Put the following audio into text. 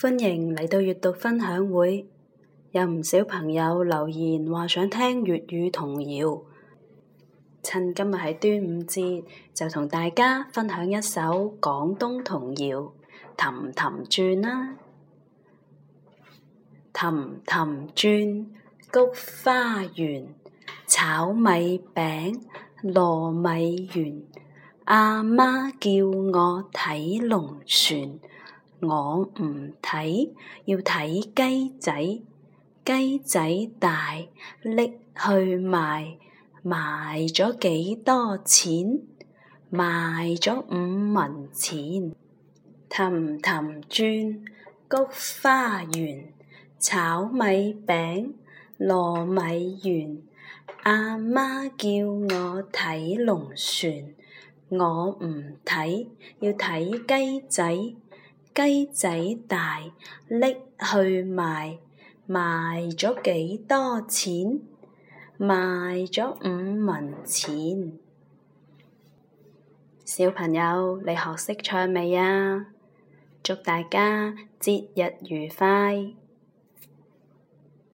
歡迎嚟到閱讀分享會，有唔少朋友留言話想聽粵語童謠。趁今日係端午節，就同大家分享一首廣東童謠《氹氹轉》啦，《氹氹轉》，菊花園，炒米餅，糯米圓，阿媽叫我睇龍船。我唔睇，要睇雞仔。雞仔大，拎去賣，賣咗幾多錢？賣咗五蚊錢，氹氹轉，菊花園，炒米餅，糯米圓。阿媽叫我睇龍船，我唔睇，要睇雞仔。雞仔大，拎去賣，賣咗幾多錢？賣咗五蚊錢。小朋友，你學識唱未啊？祝大家節日愉快！